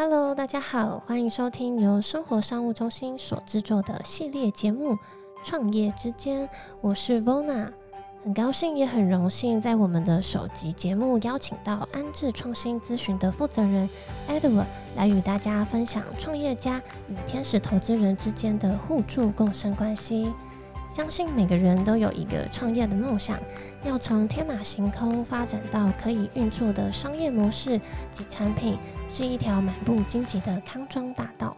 Hello，大家好，歡迎收聽由森活商務中心所製作的系列節目《創業之間》，我是 Vona，很高興也很榮幸在我們的首集節目邀請到安智創新諮詢的負責人 Edward 來與大家分享創業家與天使投資人之間的互助共生關係。相信每個人都有一個創業的夢想，要從天馬行空發展到可以運作的商業模式及產品，是一條滿佈荊棘的康莊大道。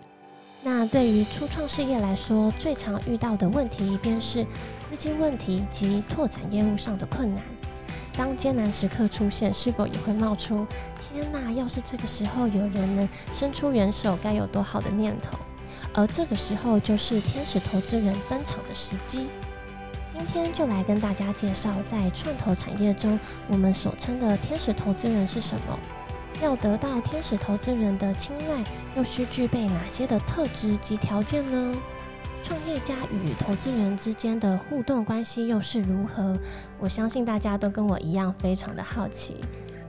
那對於初創事業來說，最常遇到的問題，便是資金問題及拓展業務上的困難。當艱難時刻出現，是否也會冒出“天哪，要是這個時候有人能伸出援手，該有多好”的念頭？而這個時候就是天使投資人登場的時機。今天就來跟大家介紹，在創投產業中，我們所稱的天使投資人是什麼？要得到天使投資人的青睞，又需具備哪些的特質及條件呢？創業家與投資人之間的互動關係又是如何？我相信大家都跟我一樣非常的好奇。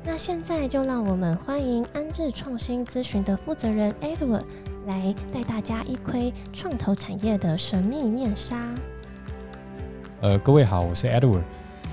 那現在就讓我們歡迎安智創新諮詢的負責人 Edward。來帶大家一窺創投產業的神秘面紗。呃，各位好，我是 Edward，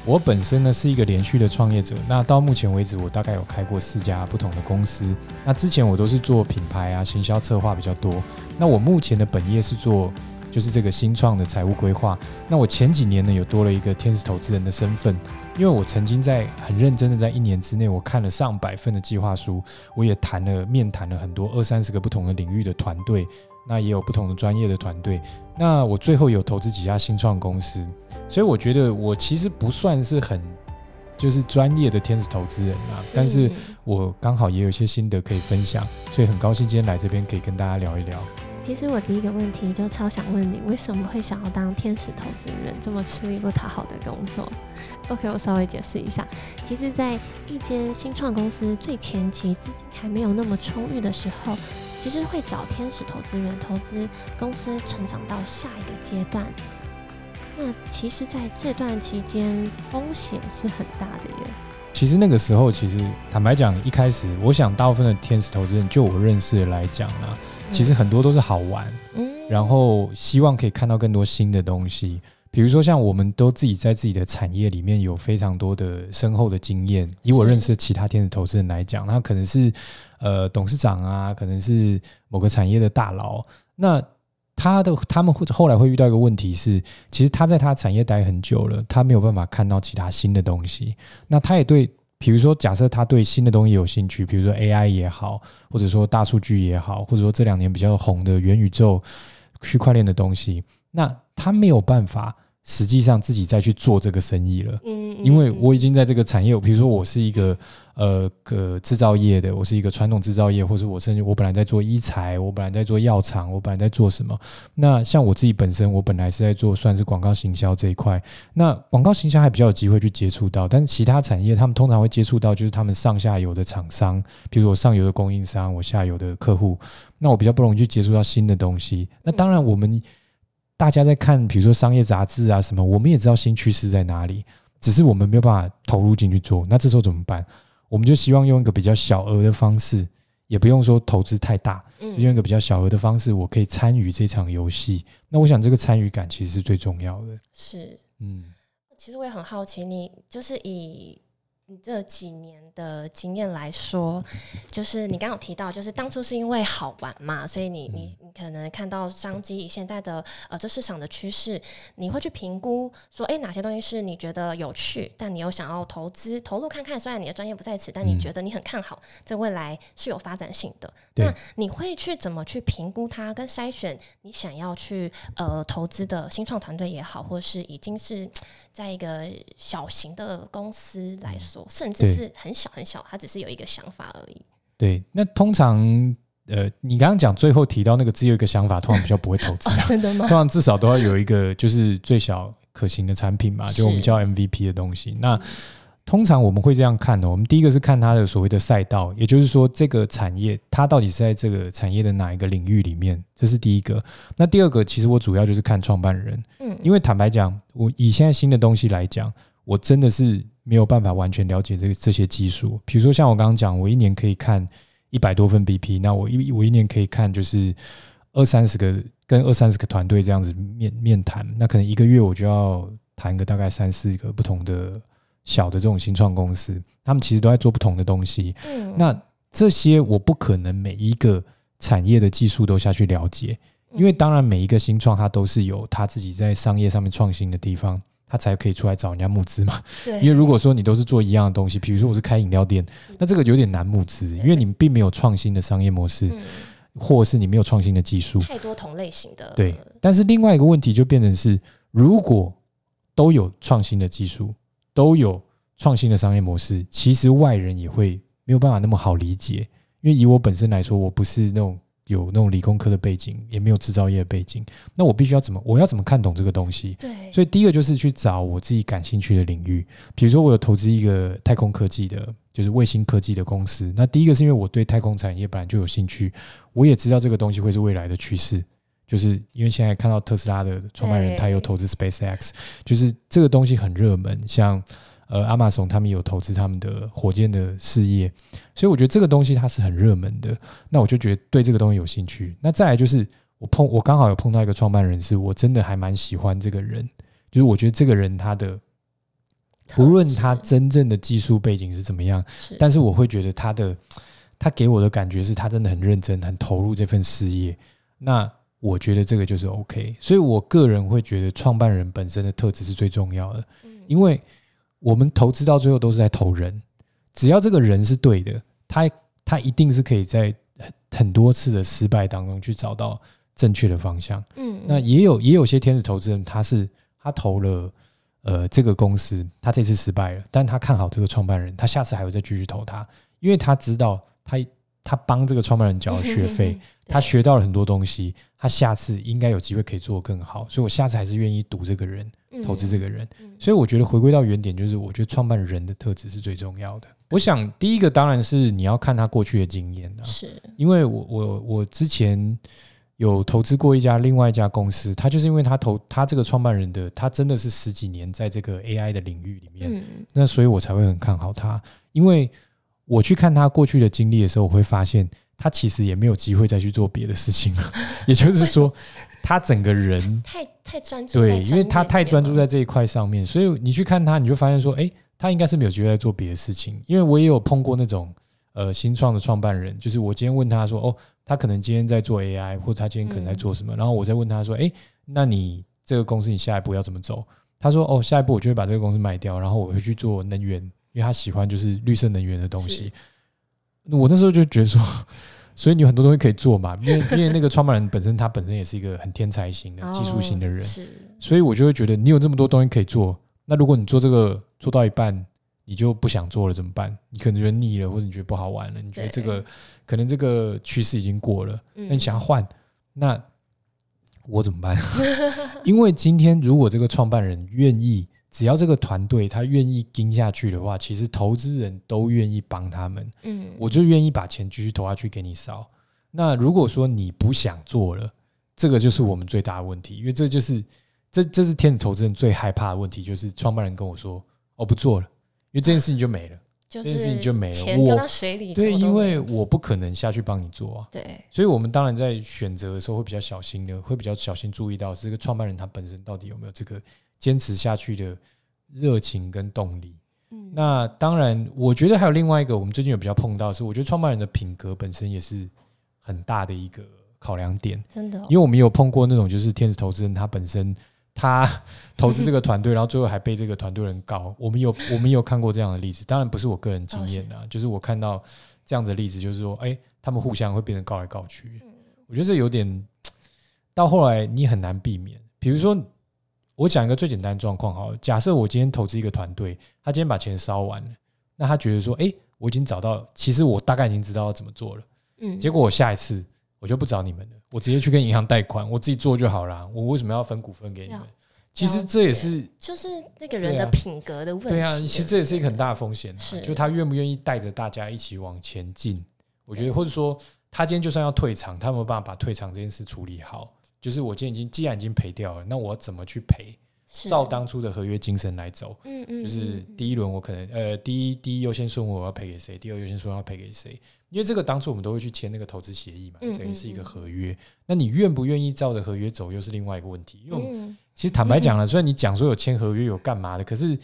我本身呢是一個連續的創業者。那到目前為止，我大概有開過四家不同的公司。那之前我都是做品牌啊、行銷策劃比較多。那我目前的本業是做，就是這個新創的財務規劃。那我前幾年呢，有多了一個天使投資人的身份，因為我曾經在很認真的在一年之內，我看了上百份的計劃書，我也談了面談了很多二三十個不同的領域的團隊，那也有不同的專業的團隊。那我最後有投資幾家新創公司，所以我覺得我其實不算是很就是專業的天使投資人啦，但是我剛好也有一些心得可以分享，所以很高興今天來這邊可以跟大家聊一聊。其實我第一個問題就超想問你，為什麼會想要當天使投資人這麼吃力不討好的工作？OK，我稍微解釋一下。其實，在一間新創公司最前期資金還沒有那麼充裕的時候，其實會找天使投資人投資公司成長到下一個階段。那其實，在這段期間，風險是很大的耶。其實那個時候，其實坦白講，一開始我想，大部分的天使投資人，就我認識的來講呢、啊。其實很多都是好玩，嗯，然後希望可以看到更多新的東西。比如說，像我們都自己在自己的產業裡面有非常多的深厚的經驗。以我認識的其他天使投資人來講，那可能是呃董事長啊，可能是某個產業的大佬。那他的他們會後來會遇到一個問題是，其實他在他產業待很久了，他沒有辦法看到其他新的東西。那他也對。比如說，假設他對新的東西有興趣，比如說 AI 也好，或者說大數據也好，或者說這兩年比較紅的元宇宙、區塊鏈的東西，那他沒有辦法。實際上自己再去做這個生意了，嗯，因為我已經在這個產業，比如說我是一個呃個製造業的，我是一個傳統製造業，或者我甚至我本來在做醫材，我本來在做藥廠，我本來在做什麼？那像我自己本身，我本來是在做算是廣告行銷這一塊，那廣告行銷還比較有機會去接觸到，但是其他產業他們通常會接觸到，就是他們上下游的廠商，比如說我上游的供應商，我下游的客戶，那我比較不容易去接觸到新的東西。那當然我們。大家在看，比如說商業雜誌啊什麼，我們也知道新趨勢在哪裡，只是我們沒有辦法投入進去做。那這時候怎麼辦？我們就希望用一個比較小額的方式，也不用說投資太大，嗯、就用一個比較小額的方式，我可以參與這場遊戲。那我想，這個參與感其實是最重要的。是，嗯，其實我也很好奇，你就是以。你這幾年的經驗來說，就是你剛剛有提到，就是當初是因為好玩嘛，所以你你你可能看到商機以現在的呃這市場的趨勢，你會去評估說，誒，哪些東西是你覺得有趣，但你又想要投資投入看看。雖然你的專業不在此，但你覺得你很看好，在未來是有發展性的。那你會去怎麼去評估它，跟篩選你想要去呃投資的新創團隊也好，或是已經是在一個小型的公司來說。甚至是很小很小，他只是有一個想法而已。對，那通常呃，你剛剛講最後提到那個只有一個想法，通常比較不會投資，啊 哦，真的嗎？通常至少都要有一個，就是最小可行的產品嘛，就我們叫 MVP 的東西。那、嗯、通常我們會這樣看的，哦，我們第一個是看它的所謂的賽道，也就是說這個產業它到底是在這個產業的哪一個領域裡面，這是第一個。那第二個，其實我主要就是看創辦人，嗯，因為坦白講，我以現在新的東西來講。我真的是沒有辦法完全了解這個這些技術，比如說像我剛剛講，我一年可以看一百多份 BP，那我一我一年可以看就是二三十個跟二三十個團隊這樣子面面談，那可能一個月我就要談個大概三四個不同的小的這種新創公司，他們其實都在做不同的東西，嗯，那這些我不可能每一個產業的技術都下去了解，因為當然每一個新創它都是有他自己在商業上面創新的地方。他才可以出來找人家募資嘛？對，因為如果說你都是做一樣的東西，比如說我是開飲料店，那這個有點難募資，因為你並沒有創新的商業模式，或是你沒有創新的技術，太多同類型的。對，但是另外一個問題就變成是，如果都有創新的技術，都有創新的商業模式，其實外人也會沒有辦法那麼好理解，因為以我本身來說，我不是那種。有那種理工科的背景，也沒有製造業的背景，那我必須要怎麼？我要怎麼看懂這個東西？對，所以第一個就是去找我自己感興趣的領域，比如說我有投資一個太空科技的，就是衛星科技的公司。那第一個是因為我對太空產業本來就有興趣，我也知道這個東西會是未來的趨勢，就是因為現在看到特斯拉的創辦人他又投資 SpaceX，就是這個東西很熱門，像。呃，Amazon 他們有投資他們的火箭的事業，所以我覺得這個東西它是很熱門的。那我就覺得對這個東西有興趣。那再來就是我碰我剛好有碰到一個創辦人，是我真的還蠻喜歡這個人。就是我覺得這個人他的，不論他真正的技術背景是怎麼樣，但是我會覺得他的他給我的感覺是他真的很認真、很投入這份事業。那我覺得這個就是 OK。所以我個人會覺得創辦人本身的特質是最重要的，因為。我們投資到最後都是在投人，只要這個人是對的，他他一定是可以在很多次的失敗當中去找到正確的方向。嗯，那也有也有些天使投資人，他是他投了呃這個公司，他這次失敗了，但他看好這個創辦人，他下次還會再繼續投他，因為他知道他。他幫這個創辦人交了學費，他學到了很多東西，他下次應該有機會可以做得更好，所以我下次還是願意賭這個人，投資這個人。所以我覺得回歸到原點，就是我覺得創辦人的特質是最重要的。我想第一個當然是你要看他過去的經驗，是因為我我我之前有投資過一家另外一家公司，他就是因為他投他這個創辦人的，他真的是十幾年在這個 AI 的領域裡面，那所以我才會很看好他，因為。我去看他過去的經歷的時候，我會發現他其實也沒有機會再去做別的事情了。也就是說，他整個人太太專注。對，因為他太專注在這一塊上面，所以你去看他，你就發現說，誒，他應該是沒有機會再做別的事情。因為我也有碰過那種呃新創的創辦人，就是我今天問他說，哦，他可能今天在做 AI，或者他今天可能在做什麼？然後我再問他說，誒，那你這個公司你下一步要怎麼走？他說，哦，下一步我就會把這個公司賣掉，然後我會去做能源。因為他喜歡就是綠色能源的東西，我那時候就覺得說，所以你有很多東西可以做嘛。因為因為那個創辦人本身他本身也是一個很天才型的、哦、技術型的人，是、所以我就會覺得你有這麼多東西可以做。那如果你做這個做到一半，你就不想做了怎麼辦？你可能覺得膩了，或者你覺得不好玩了，你覺得這個可能這個趨勢已經過了，那你想要換，嗯、那我怎麼辦？ 因為今天如果這個創辦人願意。只要這個團隊他願意撐下去的話，其實投資人都願意幫他們。嗯，我就願意把錢繼續投下去給你燒。那如果說你不想做了，這個就是我們最大的問題，因為這就是這這是天使投資人最害怕的問題，就是創辦人跟我說：“我、哦、不做了。”因為這件事情就沒了，嗯、這件事情就沒了。就是、錢掉到水裡，對，因為我不可能下去幫你做啊。對，所以我們當然在選擇的時候會比較小心的，會比較小心注意到是這個創辦人他本身到底有沒有這個堅持下去的。熱情跟動力，嗯，那當然，我覺得還有另外一個，我們最近有比較碰到是，我覺得創辦人的品格本身也是很大的一個考量點。真的哦，因為我們有碰過那種就是天使投資人，他本身他投資這個團隊，然後最後還被這個團隊人告。我們有我們有看過這樣的例子，當然不是我個人經驗啊，就是我看到這樣的例子，就是說，哎，他們互相會變得告來告去。我覺得這有點到後來你很難避免，比如說。我講一個最簡單的狀況，好了，假設我今天投資一個團隊，他今天把錢燒完了，那他覺得說，誒、欸，我已經找到，其實我大概已經知道要怎麼做了。嗯，結果我下一次我就不找你們了，我直接去跟銀行貸款，我自己做就好了。我為什麼要分股份給你們？其實這也是就是那個人的品格的問題。對啊，其實這也是一個很大的風險啊，就是他願不願意帶着大家一起往前進。我覺得，或者說，他今天就算要退場，他有沒有辦法把退場這件事處理好。就是我今天既然已經既然已經賠掉了，那我要怎麼去賠？照當初的合約精神來走，是嗯嗯、就是第一輪我可能呃第一第一優先順序我要賠給誰？第二優先順序要賠給誰？因為這個當初我們都會去簽那個投資協議嘛，等於是一個合約。嗯嗯嗯、那你願不願意照着合約走，又是另外一個問題。因為我們、嗯、其實坦白講了、嗯，雖然你講說有簽合約有幹嘛的，可是。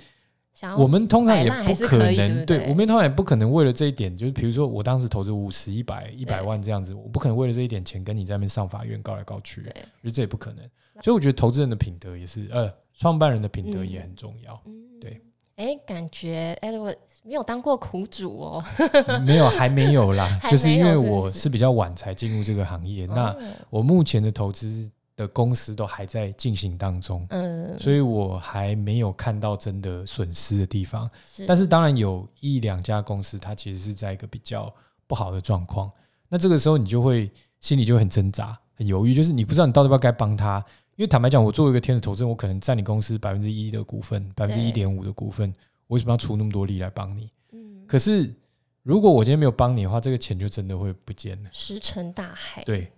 我們通常也不可能可對不對？對，我們通常也不可能為了這一點，就是比如說，我當時投資五十、一百、一百萬這樣子，我不可能為了這一點錢跟你在那邊上法院告來告去，對，就這也不可能。所以我覺得投資人的品德也是，呃，創辦人的品德也很重要。嗯、對，哎、欸，感覺哎、欸，我沒有當過苦主哦， 沒有，還沒有啦 沒有是不是，就是因為我是比較晚才進入這個行業、嗯，那我目前的投資。的公司都還在進行當中，嗯，所以我還沒有看到真的損失的地方的。但是當然有一兩家公司，它其實是在一個比較不好的狀況。那這個時候你就會心裡就會很掙扎，很猶豫，就是你不知道你到底要不要該幫他。因為坦白講，我作為一個天使投資人，我可能佔你公司百分之一的股份，百分之一點五的股份，我為什麼要出那麼多力來幫你？嗯，可是如果我今天沒有幫你的話，這個錢就真的會不見了，石沉大海。對。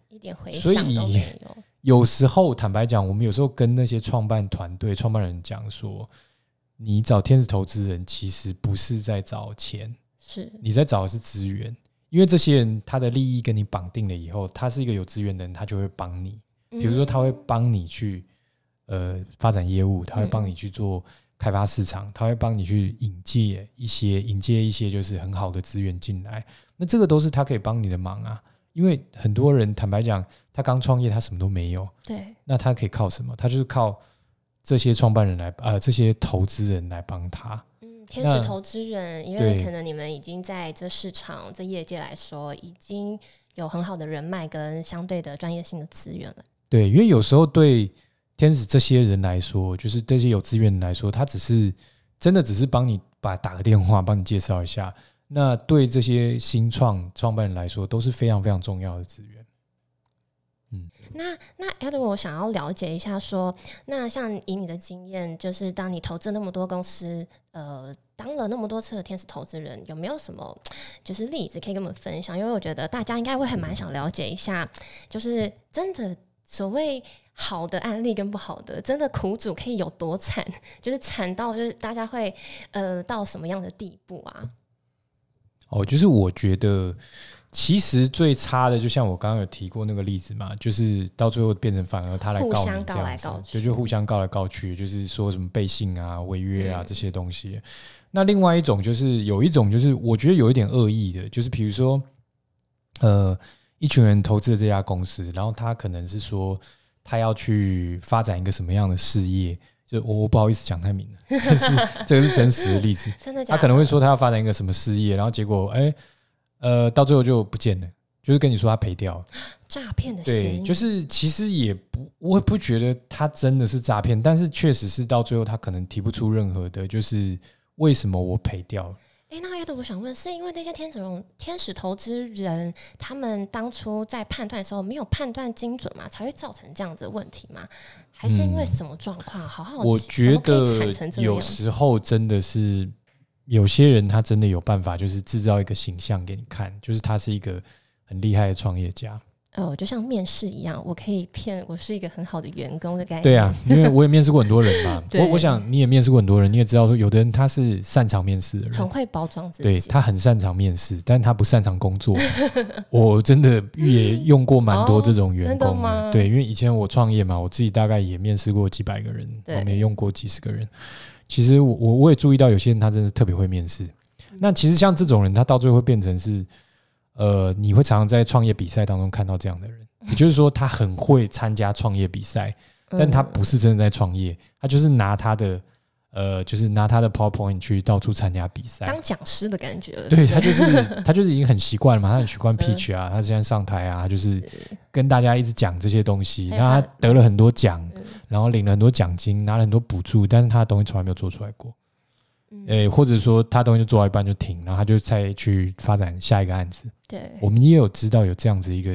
所以有時候，坦白講，我們有時候跟那些創辦團隊、創辦人講說：“你找天使投資人，其實不是在找錢，是你在找的是資源。因為這些人他的利益跟你綁定了以後，他是一個有資源的人，他就會幫你。比如說，他會幫你去呃發展業務，他會幫你去做開發市場，嗯、他會幫你去引薦一些引薦一些就是很好的資源進來。那這個都是他可以幫你的忙啊。”因為很多人坦白講，他剛創業，他什麼都沒有。對，那他可以靠什麼？他就是靠這些創辦人來，呃，這些投資人來幫他。嗯，天使投資人，因為可能你們已經在這市場、這業界來說，已經有很好的人脈跟相對的專業性的資源了。對，因為有時候對天使這些人來說，就是這些有資源人來說，他只是真的只是幫你把打個電話，幫你介紹一下。那對這些新創創辦人來說都是非常非常重要的資源。嗯，那，那那 Edward 我想要了解一下說，說那像以你的經驗，就是當你投資那麼多公司，呃，當了那麼多次的天使投資人，有沒有什麼就是例子可以跟我們分享？因為我覺得大家應該會很蠻想了解一下，嗯、就是真的所謂好的案例跟不好的，真的苦主可以有多慘？就是慘到就是大家會呃到什麼樣的地步啊？哦，就是我覺得其實最差的，就像我剛剛有提過那個例子嘛，就是到最後變成反而他來告你這樣子，互相告來告去。就就互相告來告去，就是說什麼背信啊、違約啊、yeah. 這些東西。那另外一種就是有一種就是我覺得有一點惡意的，就是比如說，呃，一群人投資了這家公司，然後他可能是說他要去發展一個什麼樣的事業。就我、哦、我不好意思講太明了，但是這個是真實的例子。 真的假的？他可能會說他要發展一個什麼事業，然後結果哎呃到最後就不見了，就是跟你說他賠掉了，詐騙的事情。對，就是其實也不我也不覺得他真的是詐騙，但是確實是到最後他可能提不出任何的，就是為什麼我賠掉了。哎，那要的我想問，是因為那些天使天使投資人，他們當初在判斷的時候沒有判斷精準嘛，才會造成這樣子的問題嗎？還是因為什麼狀況？嗯、好好奇，我覺得有時候真的是有些人，他真的有辦法，就是制造一個形象給你看，就是他是一個很厲害的創業家。呃、oh,，就像面試一樣，我可以騙我是一個很好的員工的概念。對啊，因為我也面試過很多人嘛。 我我想你也面試過很多人，你也知道說有的人他是擅長面試的人，很會包裝自己。對，他很擅長面試，但他不擅長工作。 我真的也用過蠻多這種員工的。嗯 oh, 真的嗎？對，因為以前我創業嘛，我自己大概也面試過幾百個人，對我沒也用過幾十個人。其實我我我也注意到有些人他真的特別會面試。那其實像這種人，他到最後會變成是。呃，你會常常在創業比賽當中看到這樣的人，也就是說，他很會參加創業比賽，但他不是真的在創業，他就是拿他的，呃，就是拿他的 PowerPoint 去到處參加比賽，當講師的感覺。對，他就是他就是已經很習慣了嘛，他很習慣 Pitch 啊，他現在上台啊，就是跟大家一直講這些東西，然後他得了很多獎，然後領了很多獎金，拿了很多補助，但是他的東西從來沒有做出來過。誒、嗯欸，或者說他東西就做到一半就停，然後他就再去發展下一個案子。對，我們也有知道有這樣子一個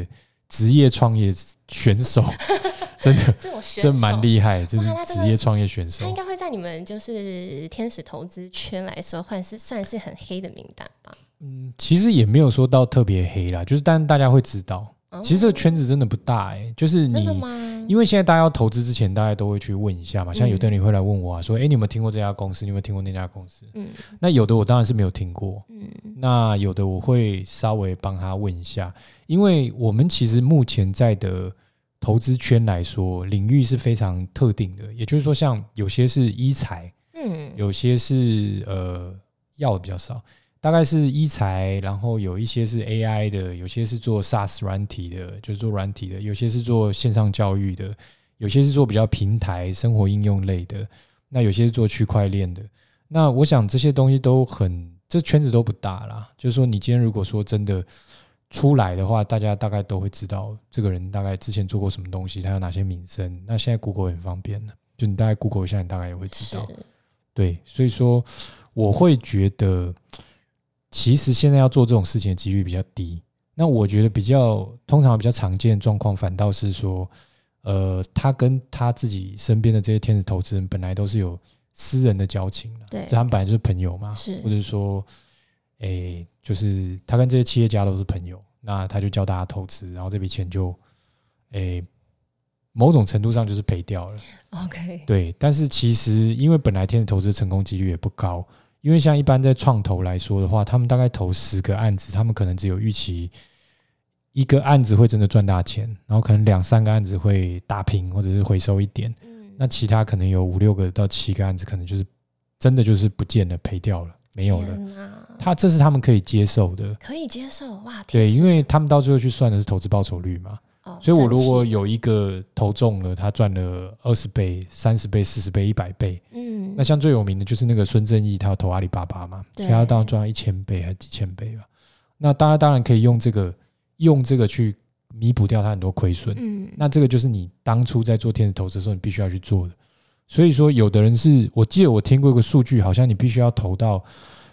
職業創業選手， 選手，真的，這蠻厲害，這是職業創業選手。他，這個、他應該會在你們就是天使投資圈來說，算是算是很黑的名單吧？嗯，其實也沒有說到特別黑啦，就是但大家會知道。其實這個圈子，真的不大哎、欸，就是你，因為現在大家要投資之前，大家都會去問一下嘛。像有的人會來問我啊，嗯、說，哎、欸，你有沒有聽過這家公司？你有沒有聽過那家公司？嗯、那有的我當然是沒有聽過、嗯，那有的我會稍微幫他問一下，因為我們其實目前在的投資圈來說，領域是非常特定的，也就是說，像有些是醫材、嗯，有些是呃藥的比較少。大概是醫材，然後有一些是 AI 的，有些是做 SaaS 軟體的，就是做軟體的，有些是做線上教育的，有些是做比較平台生活應用類的，那有些是做區塊鏈的。那我想這些東西都很，這圈子都不大啦。就是說，你今天如果說真的出來的話，大家大概都會知道這個人大概之前做過什麼東西，他有哪些名聲。那現在 Google 很方便的，就你大概 Google 一下，你大概也會知道。對，所以說我會覺得。其實現在要做這種事情的幾率比較低。那我覺得比較通常比較常見的狀況反倒是說，呃，他跟他自己身邊的這些天使投資人本來都是有私人的交情啊，對，就他們本來就是朋友嘛，是，或者是說，誒，就是他跟這些企業家都是朋友，那他就教大家投資，然後這筆錢就，誒，某種程度上就是賠掉了。OK，對，但是其實因為本來天使投資成功幾率也不高。因為像一般在創投來說的話，他們大概投十個案子，他們可能只有預期一個案子會真的賺大錢，然後可能兩三個案子會打平或者是回收一點。嗯，那其他可能有五六個到七個案子，可能就是真的就是不見了，賠掉了，沒有了。他這是他們可以接受的，可以接受，哇。對，因為他們到最後去算的是投資報酬率嘛。所以，我如果有一個投中了，他賺了二十倍、三十倍、四十倍、一百倍，嗯，那像最有名的就是那個孫正義，他要投阿里巴巴嘛，對他，他當然賺一千倍還是幾千倍吧。那當然，當然可以用這個，用這個去彌補掉他很多虧損。嗯，那這個就是你當初在做天使投資的時候，你必須要去做的。所以說，有的人是我記得我聽過一個數據，好像你必須要投到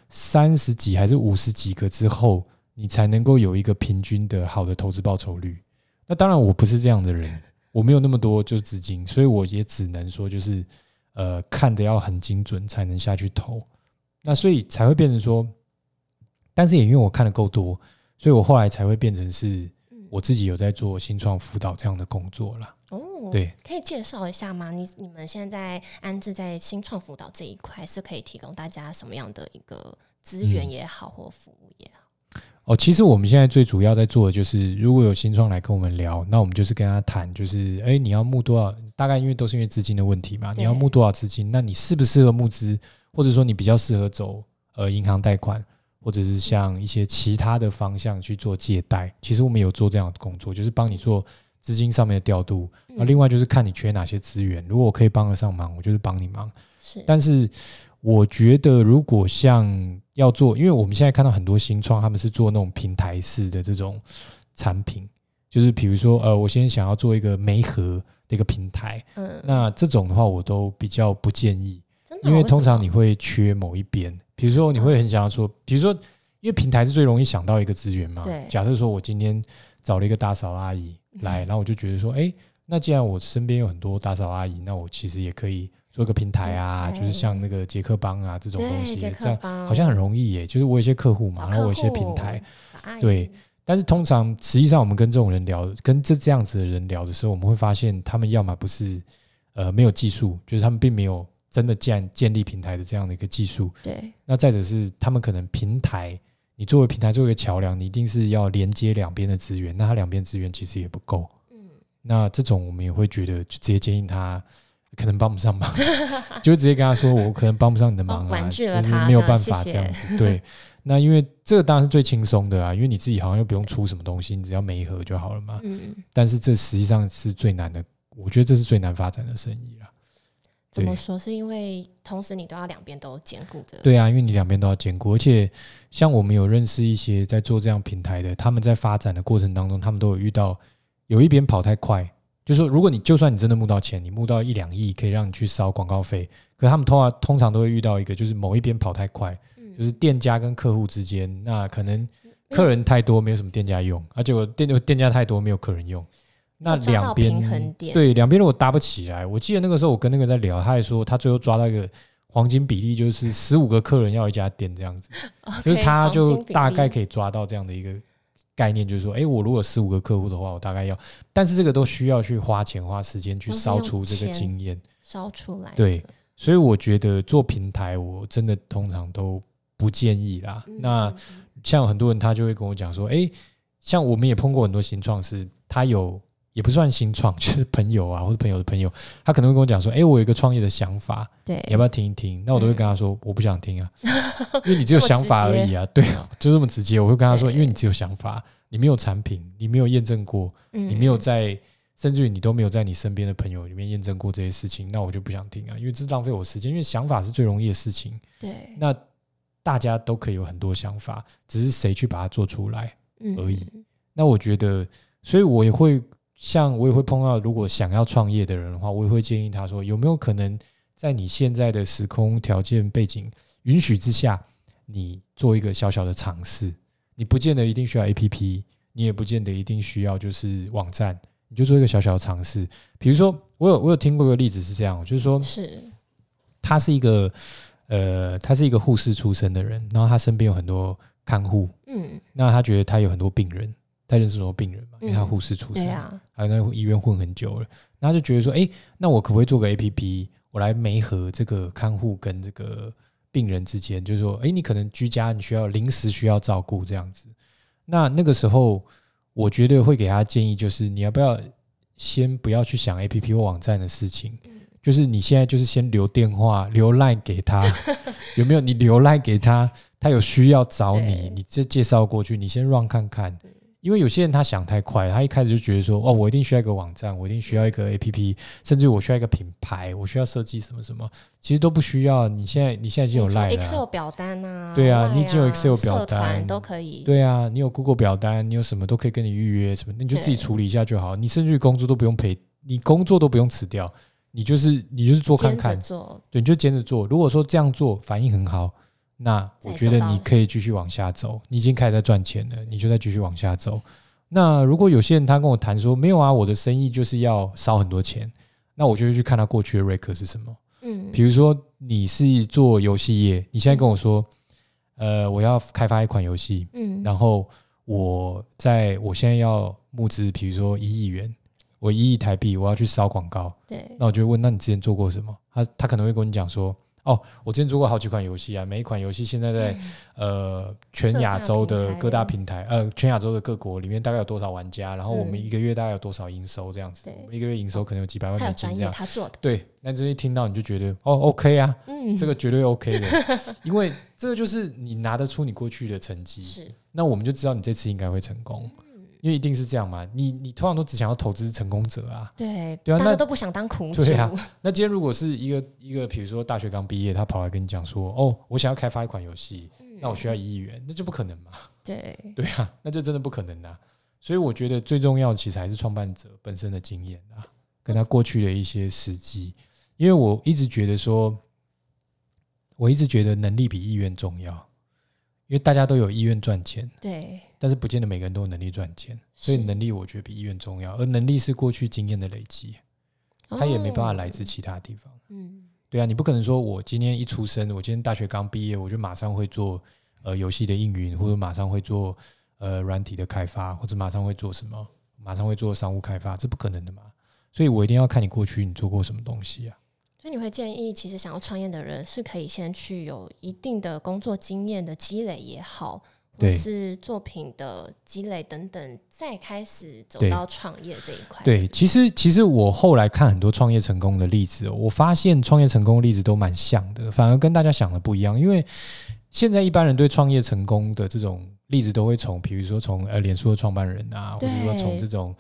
三十幾還是五十幾個之後，你才能夠有一個平均的好的投資報酬率。那當然，我不是這樣的人，我沒有那麼多就資金，所以我也只能說就是，呃，看得要很精準才能下去投，那所以才會變成說，但是也因為我看得夠多，所以我後來才會變成是我自己有在做新創輔導這樣的工作啦。哦、嗯，對哦，可以介紹一下嗎？你你們現在安智在新創輔導這一塊，是可以提供大家什麼樣的一個資源也好，或服務也好？嗯哦，其實我們現在最主要在做的就是，如果有新創來跟我們聊，那我們就是跟他談，就是誒、欸，你要募多少？大概因為都是因為資金的問題嘛，你要募多少資金？那你適不適合募資？或者說你比較適合走呃銀行貸款，或者是像一些其他的方向去做借貸。嗯。其實我們有做這樣的工作，就是幫你做資金上面的調度。那、嗯、另外就是看你缺哪些資源，如果我可以幫得上忙，我就是幫你忙。是，但是。我覺得，如果像要做，因為我們現在看到很多新創，他們是做那種平台式的這種產品，就是比如說，呃，我現在想要做一個媒合的一個平台，那這種的話，我都比較不建議，因為通常你會缺某一邊，比如說你會很想要說，比如說，因為平台是最容易想到一個資源嘛，假設說我今天找了一個打掃阿姨來，然後我就覺得說，哎，那既然我身邊有很多打掃阿姨，那我其實也可以。做個平台啊，嗯 okay，就是像那個傑克幫啊這種東西，這樣好像很容易耶。就是我有一些客戶嘛，戶然後我有一些平台對，對。但是通常實際上我們跟這種人聊，跟這這樣子的人聊的時候，我們會發現他們要麼不是呃沒有技術，就是他們並沒有真的建建立平台的這樣的一個技術。對。那再者是他們可能平台，你作為平台作為一個橋梁，你一定是要連接兩邊的資源，那他兩邊的資源其實也不夠。嗯。那這種我們也會覺得就直接建議他。可能幫不上忙，就直接跟他說：“我可能幫不上你的忙了啊，就是沒有辦法這樣子。”對，那因為這個當然是最輕鬆的啊，因為你自己好像又不用出什麼東西，你只要媒合就好了嘛。但是這實際上是最難的，我覺得這是最難發展的生意了。怎麼說？是因為同時你都要兩邊都兼顧着。對啊，因為你兩邊都要兼顧，而且像我們有認識一些在做這樣平台的，他們在發展的過程當中，他們都有遇到，有一邊跑太快。就是說，如果你就算你真的募到錢，你募到一兩億，可以讓你去燒廣告費。可是他們通、啊、通常都會遇到一個，就是某一邊跑太快、嗯，就是店家跟客戶之間，那可能客人太多，沒有什麼店家用，而且、啊、店店家太多，沒有客人用。那兩邊對兩邊如果搭不起來，我記得那個時候我跟那個在聊，他還說他最後抓到一個黃金比例，就是十五個客人要一家店這樣子、嗯，就是他就大概可以抓到這樣的一個。概念就是說，哎、欸，我如果十五個客戶的話，我大概要，但是這個都需要去花錢花時間去燒出這個經驗，燒出來。對，所以我覺得做平台我真的通常都不建議啦。嗯、那像很多人他就會跟我講說，哎、欸，像我們也碰過很多新創是他有。也不算新創，就是朋友啊，或者朋友的朋友，他可能會跟我講說：“哎、欸，我有一個創業的想法，對，你要不要聽一聽？”那我都會跟他說：“嗯、我不想聽啊， 因為你只有想法而已啊。”對啊，就這麼直接。我會跟他說：“因為你只有想法，你沒有產品，你沒有驗證過、嗯，你沒有在，甚至於你都沒有在你身邊的朋友裡面驗證過這些事情，那我就不想聽啊，因為這是浪費我時間。因為想法是最容易的事情，對，那大家都可以有很多想法，只是誰去把它做出來而已。嗯、那我覺得，所以我也會。像我也會碰到，如果想要創業的人的話，我也會建議他說：有沒有可能在你現在的時空條件背景允許之下，你做一個小小的嘗試？你不見得一定需要 APP，你也不見得一定需要就是網站，你就做一個小小的嘗試。比如說，我有我有聽過一個例子是這樣，就是說，是他是一個呃，他是一個護士出身的人，然後他身邊有很多看護，嗯，那他覺得他有很多病人。他認識什麼病人嘛，因為他護士出身，還、嗯啊、在醫院混很久了，然後就覺得說，誒，那我可不可以做個 APP？我來媒合這個看護跟這個病人之間，就是說，誒，你可能居家你需要臨時需要照顧這樣子。那那個時候，我絕對會給他建議就是，你要不要先不要去想 APP 或網站的事情，嗯，就是你現在就是先留電話留賴給他， 有沒有？你留賴給他，他有需要找你，欸，你再介紹過去，你先 run 看看。因為有些人他想太快，他一開始就覺得說，哦，我一定需要一個網站，我一定需要一個 APP，甚至我需要一個品牌，我需要設計什麼什麼，其實都不需要。你現在你現在已經有 LINE 了，啊，XO 表單啊對，啊對啊，你已經有 Excel 表單都可以，對啊，你有 Google 表單，你有什麼都可以跟你預約什麼，你就自己處理一下就好，你甚至於工作都不用陪，你工作都不用辭掉，你就是你就是做看看做對，你就接着做。如果說這樣做反應很好。那我覺得你可以繼續往下走，你已經開始在賺錢了，你就再繼續往下走。那如果有些人他跟我談說，沒有啊，我的生意就是要燒很多錢，那我就去看他過去的 record 是什麼。嗯，比如說你是做遊戲業，你現在跟我說，嗯、呃，我要開發一款遊戲，嗯，然後我在我現在要募資，比如說一億元，我一億台幣，我要去燒廣告，對，那我就問，那你之前做過什麼？他他可能會跟你講說，哦，我之前做過好幾款遊戲啊，每一款遊戲現在在、嗯、呃全亞洲的各大平台，平台啊、呃全亞洲的各國裡面大概有多少玩家。嗯、然後我們一個月大概有多少營收這樣子。嗯、對，一個月營收可能有幾百萬美金這樣子、哦、對。那你這一聽到你就覺得哦，OK 啊、嗯，這個絕對 OK 的， 因為這個就是你拿得出你過去的成績，是。那我們就知道你這次應該會成功。因為一定是這樣嘛，你你通常都只想要投資成功者啊，對，對啊，大家都不想當苦主。對啊。那今天如果是一個一個，比如說大學剛畢業，他跑來跟你講說：“哦，我想要開發一款遊戲、嗯，那我需要一億元，那就不可能嘛。”對，對啊，那就真的不可能啊。所以我覺得最重要的其實還是創辦者本身的經驗啊，跟他過去的一些時機。因為我一直覺得說，我一直覺得能力比意願重要，因為大家都有意願賺錢，對。但是不見得每個人都有能力賺錢，所以能力我覺得比意願重要。而能力是過去經驗的累積，它也沒辦法來自其他地方。嗯，嗯，對啊，你不可能說我今天一出生，我今天大學剛畢業，我就馬上會做呃遊戲的運營，或者馬上會做呃軟體的開發，或者馬上會做什麼，馬上會做商務開發，這不可能的嘛。所以我一定要看你過去你做過什麼東西啊。所以你會建議，其實想要創業的人是可以先去有一定的工作經驗的積累也好。是作品的積累等等，再開始走到創業這一塊。對，其實其實我後來看很多創業成功的例子，我發現創業成功的例子都蠻像的，反而跟大家想的不一樣。因為現在一般人對創業成功的這種例子，都會從，比如說從呃，臉書的創辦人啊，或者說從這種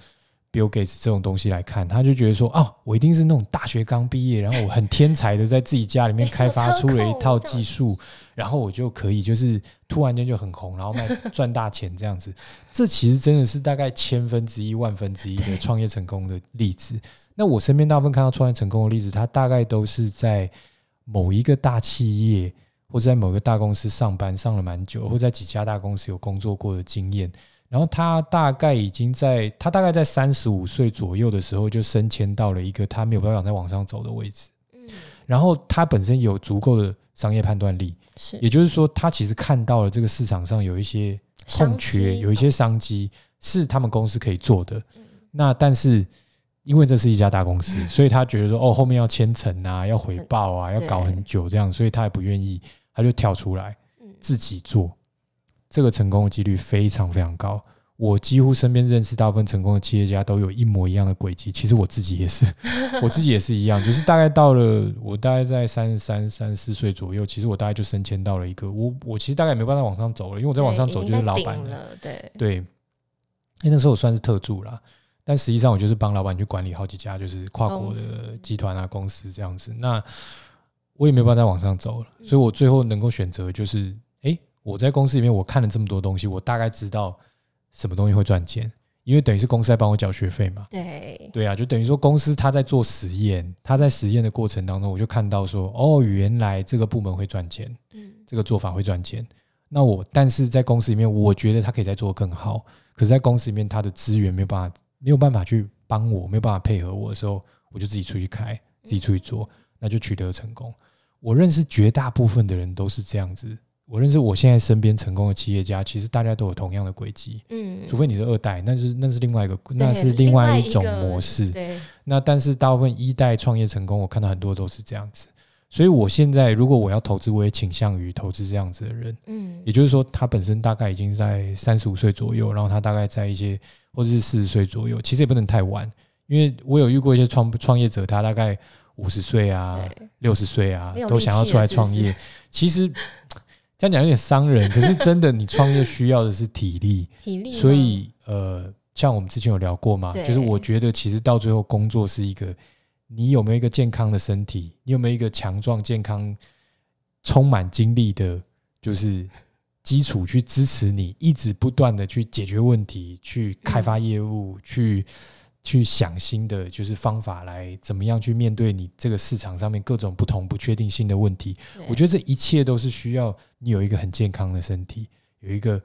Bill Gates 這種東西來看，他就覺得說，哦，我一定是那種大學剛畢業，然後我很天才的在自己家裡面開發出了一套技術。 然後我就可以，就是突然間就很紅，然後賣賺大錢這樣子。這其實真的是大概千分之一、萬分之一的創業成功的例子。那我身邊大部分看到創業成功的例子，他大概都是在某一個大企業或者在某個大公司上班上了蠻久，或在幾家大公司有工作過的經驗。然後他大概已經在他大概在三十五歲左右的時候就升遷到了一個他沒有辦法再往上走的位置。嗯，然後他本身有足夠的。商業判斷力，是，也就是說，他其實看到了這個市場上有一些空缺，有一些商機是他們公司可以做的、嗯。那但是因為這是一家大公司，嗯、所以他覺得說，哦，後面要簽呈啊，要回報啊、嗯，要搞很久這樣，所以他也不願意，他就跳出來自己做，嗯、這個成功的幾率非常非常高。我幾乎身邊認識大部分成功的企業家都有一模一樣的軌跡，其實我自己也是，我自己也是一樣， 就是大概到了我大概在三十三、三十四歲左右，其實我大概就升遷到了一個我我其實大概也沒辦法往上走了，因為我在往上走就是老闆了。對，那那時候我算是特助了，但實際上我就是幫老闆去管理好幾家就是跨國的集團啊公司，公司這樣子，那我也沒辦法再往上走了，所以我最後能夠選擇就是，哎、嗯欸，我在公司裡面我看了這麼多東西，我大概知道。什麼東西會賺錢？因為等於是公司在幫我繳學費嘛。對，對啊，就等於說公司他在做實驗，他在實驗的過程當中，我就看到說，哦，原來這個部門會賺錢，嗯、這個做法會賺錢。那我但是在公司裡面，我覺得他可以再做更好。可是，在公司裡面，他的資源沒有辦法，沒有辦法去幫我，沒有辦法配合我的時候，我就自己出去開，自己出去做，嗯、那就取得了成功。我認識絕大部分的人都是這樣子。我認識我現在身邊成功的企業家，其實大家都有同樣的軌跡。嗯，除非你是二代，那是那是另外一個，那是另外一種模式。對。那但是大部分一代創業成功，我看到很多都是這樣子。所以我現在如果我要投資，我也傾向於投資這樣子的人。嗯，也就是說，他本身大概已經在三十五歲左右，然後他大概在一些或者是四十歲左右，其實也不能太晚，因為我有遇過一些創創業者，他大概五十歲啊、六十歲啊，都想要出來創業，是不是？其實。 這樣講有點傷人，可是真的，你創業需要的是體力， 體力。所以，呃，像我們之前有聊過嘛，就是我覺得其實到最後，工作是一個你有沒有一個健康的身體，你有沒有一個強壯、健康、充滿精力的，就是基礎去支持你一直不斷的去解決問題、去開發業務、去。去想新的就是方法來怎麼樣去面對你這個市場上面各種不同不確定性的問題，我覺得這一切都是需要你有一個很健康的身體，有一個。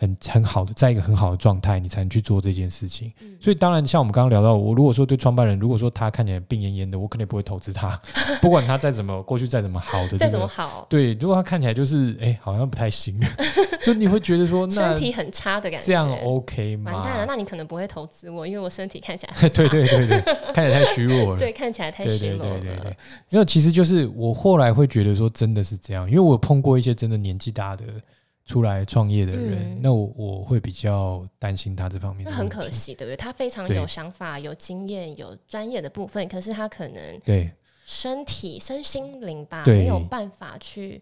很很好的，在一個很好的狀態，你才能去做這件事情。嗯、所以，當然像我們剛剛聊到，我如果說對創辦人，如果說他看起來病懨懨的，我肯定不會投資他。不管他再怎麼 過去，再怎麼好的、這個，再怎麼好，對，如果他看起來就是哎、欸，好像不太行， 就你會覺得說那，身體很差的感覺，這樣 OK 嗎？那你可能不會投資我，因為我身體看起來， 對對對對，看起來太虛弱了， 對，看起來太虛弱了，對對對對對，對。因為其實就是我後來會覺得說，真的是這樣，因為我碰過一些真的年紀大的。出來創業的人，嗯、那我我會比較擔心他這方面的、嗯。那很可惜，對不對？他非常有想法、有經驗、有專業的部分，可是他可能對身體對、身心靈吧，沒有辦法去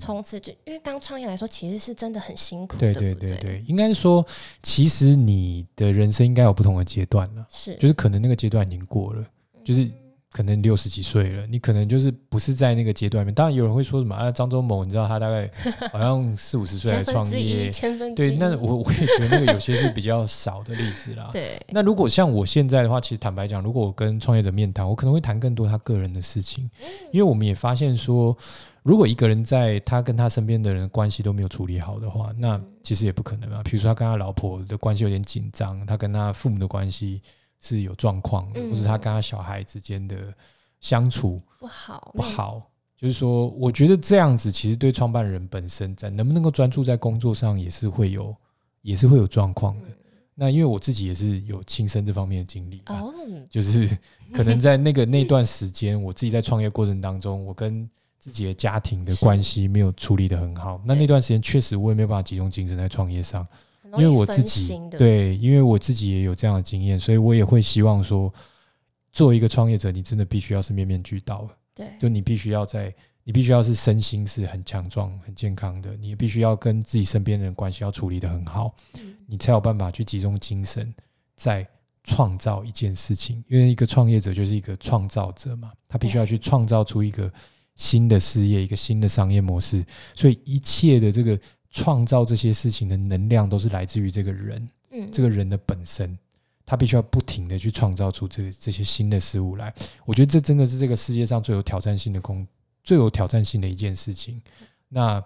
衝刺就、嗯、因為剛創業來說，其實是真的很辛苦。對對對對，對，對，對，應該是說，其實你的人生應該有不同的階段了。是，就是可能那個階段已經過了，就是。可能六十幾歲了，你可能就是不是在那個階段裡面。當然，有人會說什麼啊？張忠謀，你知道他大概好像四五十歲來創業， 對？那我我也覺得那個有些是比較少的例子啦。 對。那如果像我現在的話，其實坦白講，如果我跟創業者面談，我可能會談更多他個人的事情。嗯，因為我們也發現說，如果一個人在他跟他身邊的人關係都沒有處理好的話，那其實也不可能啊。比如說他跟他老婆的關係有點緊張，他跟他父母的關係。是有狀況的，嗯，或是他跟他小孩之間的相處不好，不好，就是說，我覺得這樣子其實對創辦人本身在能不能夠專注在工作上也是會有，也是會有狀況的。那因為我自己也是有親身這方面的經歷，就是可能在那個那段時間，我自己在創業過程當中，我跟自己的家庭的關係沒有處理得很好，那那段時間確實我也沒有辦法集中精神在創業上。因為我自己對，因為我自己也有這樣的經驗，所以我也會希望說，做一個創業者，你真的必須要是面面俱到。對，就你必須要在，你必須要是身心是很強壯、很健康的，你也必須要跟自己身邊的人關係要處理得很好，你才有辦法去集中精神在創造一件事情。因為一個創業者就是一個創造者嘛，他必須要去創造出一個新的事業、一個新的商業模式，所以一切的這個，創造這些事情的能量都是來自於這個人，這個人的本身，他必須要不停地去創造出這個這些新的事物來。我覺得這真的是這個世界上最有挑戰性的工，最有挑戰性的一件事情。那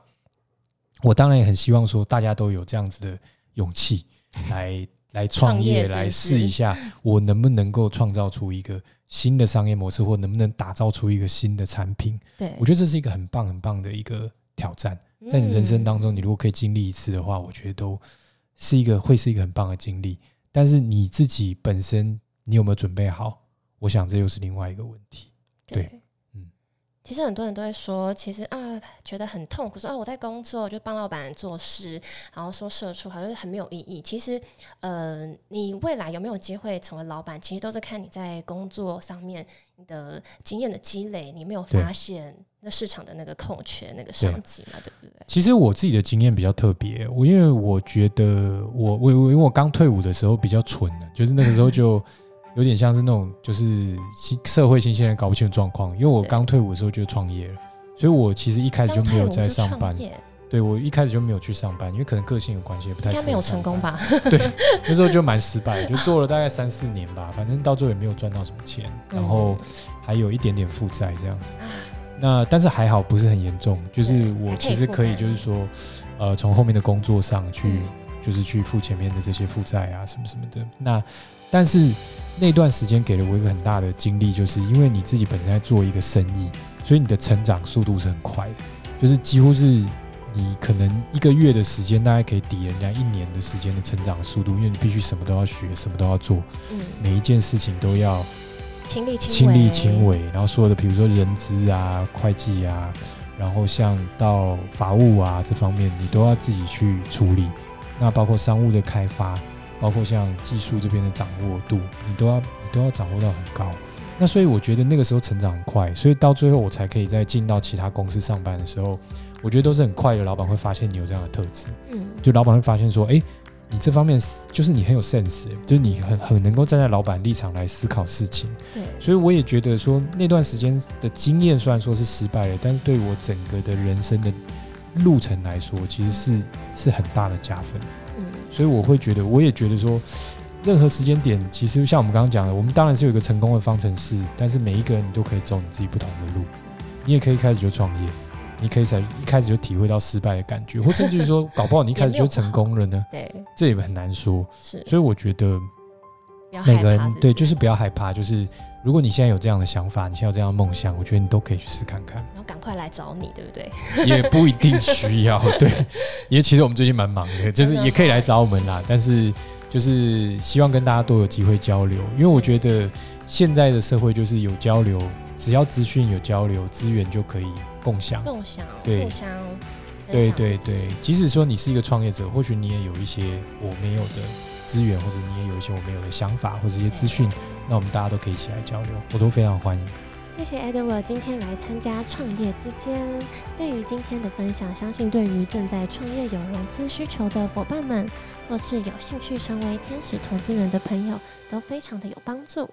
我當然也很希望說，大家都有這樣子的勇氣，來來創業，來試一下，我能不能夠創造出一個新的商業模式，或能不能打造出一個新的產品。我覺得這是一個很棒很棒的一個挑戰。在你人生當中，你如果可以經歷一次的話，我覺得都是一個會是一個很棒的經歷。但是你自己本身，你有沒有準備好？我想這又是另外一個問題，嗯。對，嗯。其實很多人都會說，其實啊，覺得很痛苦。說啊，我在工作就幫老闆做事，然後說社畜好像，就是，很沒有意義。其實，呃，你未來有沒有機會成為老闆，其實都是看你在工作上面的經驗的積累。你沒有發現？市場的那個空缺，那個商機嘛對，對不對？其實我自己的經驗比較特別，我因為我覺得我我我因為我剛退伍的時候比較蠢的，就是那個時候就有點像是那種就是新社會新鮮人搞不清楚狀況。因為我剛退伍的時候就創業了，所以我其實一開始就沒有在上班。對我一開始就沒有去上班，因為可能個性有關係，也不太應該沒有成功吧？對，那時候就蠻失敗，就做了大概三四年吧，反正到最後也沒有賺到什麼錢，然後還有一點點負債這樣子。嗯那但是還好不是很嚴重，就是我其實可以就是說，呃，從後面的工作上去，就是去付前面的這些負債啊什麼什麼的。那但是那段時間給了我一個很大的經歷，就是因為你自己本身在做一個生意，所以你的成長速度是很快的，就是幾乎是你可能一個月的時間大概可以抵人家一年的時間的成長速度，因為你必須什麼都要學，什麼都要做，每一件事情都要。親力親為，然後所有的，比如說人資啊、會計啊，然後像到法務啊這方面，你都要自己去處理。那包括商務的開發，包括像技術這邊的掌握度，你都要你都要掌握到很高。那所以我覺得那個時候成長很快，所以到最後我才可以再進到其他公司上班的時候，我覺得都是很快的。老闆會發現你有這樣的特質，嗯，就老闆會發現說，誒。你這方面就是你很有 sense，就是你很很能夠站在老闆立場來思考事情。對。所以我也覺得說，那段時間的經驗，雖然說是失敗了，但是對我整個的人生的路程來說，其實是是很大的加分。嗯。所以我會覺得，我也覺得說，任何時間點，其實像我們剛剛講的，我們當然是有一個成功的方程式，但是每一個人你都可以走你自己不同的路，你也可以開始就創業。你可以在一開始就體會到失敗的感覺，或甚至說搞不好你一開始就成功了呢。對，這也很難說。是，所以我覺得每個人對，就是不要害怕。就是如果你現在有這樣的想法，你現在有這樣的夢想，我覺得你都可以去試看看。然後趕快來找你，對不對？也不一定需要。對，因為其實我們最近蠻忙的，就是也可以來找我們啦。但是就是希望跟大家都有機會交流，因為我覺得現在的社會就是有交流，只要資訊有交流，資源就可以。共享，共享，對，共享，享，對對對。即使說你是一個創業者，或許你也有一些我沒有的資源，或者你也有一些我沒有的想法，或者一些資訊，那我們大家都可以一起來交流，我都非常歡迎。謝謝 Edward 今天來參加創業之間。對於今天的分享，相信對於正在創業有融資需求的夥伴們，或是有興趣成為天使投資人的朋友，都非常的有幫助。